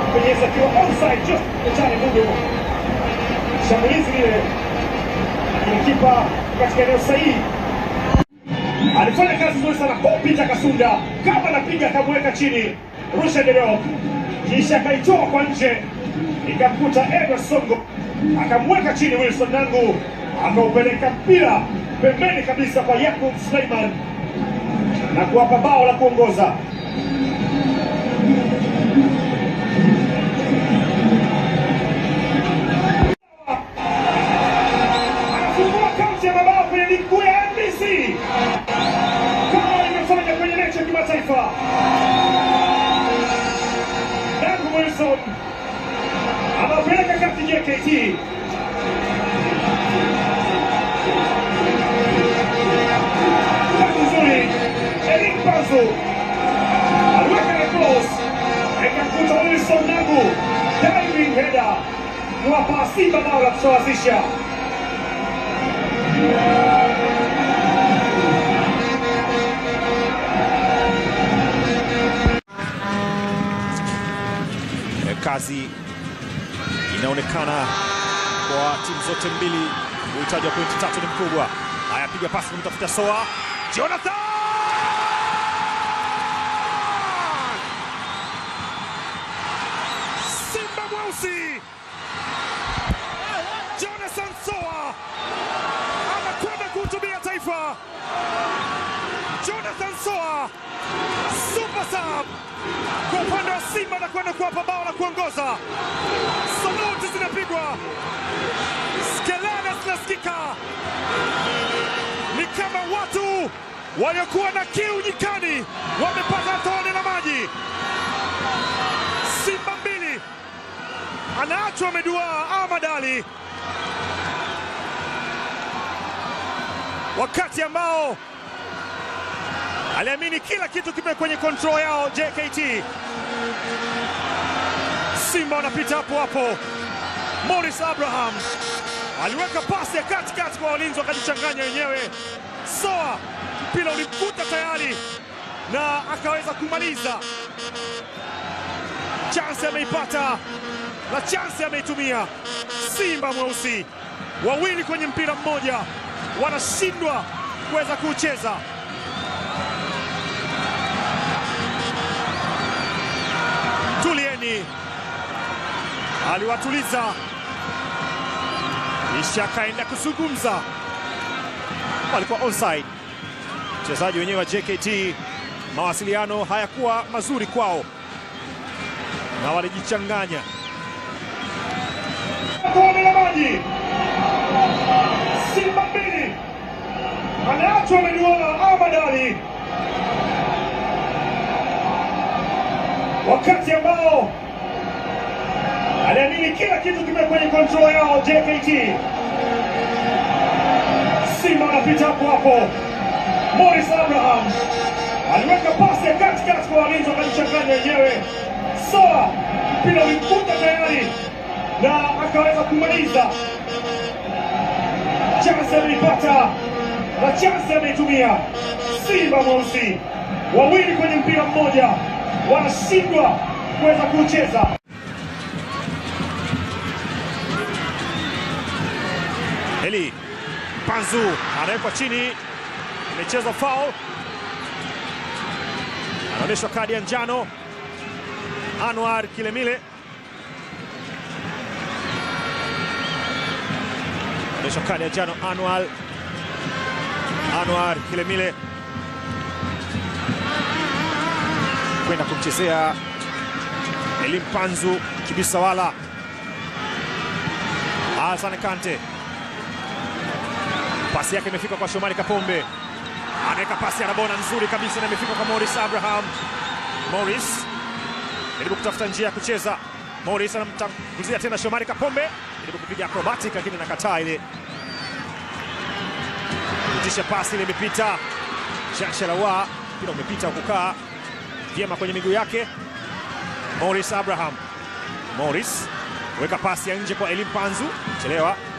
kubonyeza akiwa onside just mchane mundu shambulizi lile, lakini kipa katika eneo sahihi alifanya kazi nzuri sana kupita Kasunda, kama anapiga akamweka chini Rusha Dereo, kisha akaitoa kwa nje ikakuta Edward Songo akamweka chini Wilson Nangu akaupeleka mpira pembeni kabisa kwa Yakub Suleiman na kuwapa bao la kuongoza. Anderson anapeleka kati ya KT nzuri Eric Pazo aliweka na cross, ikamkuta Wilson Nangu diving header, mwapa Simba bao la kusawazisha. kazi inaonekana kwa timu zote mbili. Uhitaji wa pointi tatu ni mkubwa. Haya, piga pasi kumtafuta Soa Jonathan Simba mweusi Soa kuhutubia taifa. Jonathan Soa sasa kwa upande wa Simba na kwenda kuwapa bao na kuongoza. Saluti zinapigwa, skelele zinasikika, ni kama watu waliokuwa na kiu nyikani wamepata tone la maji. Simba mbili anaachwa amedua Ahmad Ali wakati ambao aliamini kila kitu kipe kwenye control yao. JKT Simba wanapita hapo hapo. Morris Abraham aliweka pasi ya katikati kwa walinzi, wakajichanganya wenyewe. Soa mpira ulimkuta tayari na akaweza kumaliza. Chansi ameipata na chansi ameitumia. Simba mweusi wawili kwenye mpira mmoja wanashindwa kuweza kuucheza. aliwatuliza kisha akaenda kuzungumza, walikuwa onside. Mchezaji wenyewe wa JKT, mawasiliano hayakuwa mazuri kwao na walijichanganya. maji Simba mbili, anaachwa amejuana wakati ambao aliamini kila kitu kime kwenye control yao. JKT Simba anapita hapo hapo, Morris Abraham aliweka pasi ya katikati kwa walinzi wakajishanganya wenyewe. Soa mpira ulikuta tayari na akaweza kumaliza chansi ameipata na chansi ameitumia. Simba mweusi wawili kwenye mpira mmoja wanashindwa kuweza kucheza. Eli Panzu anawekwa chini, imechezwa foul, anaonyeshwa kadi ya njano Anwar Kilemile, anaonyeshwa kadi ya njano Anwar Anwar Kilemile kwenda kumchezea Elimpanzu Kibisawala Hassan Kante Pasi yake imefika kwa Shomari Kapombe, anaweka pasi anabona nzuri kabisa na imefika kwa Morris Abraham. Morris jaribu kutafuta njia ya kucheza. Morris anamtanguzia tena Shomari Kapombe, jaribu kupiga acrobatic lakini nakataa ile kutisha. Pasi ile imepita Jashalawa, mpira umepita kukaa vyema kwenye miguu yake. Morris Abraham, Morris weka pasi ya nje kwa Elimpanzu, chelewa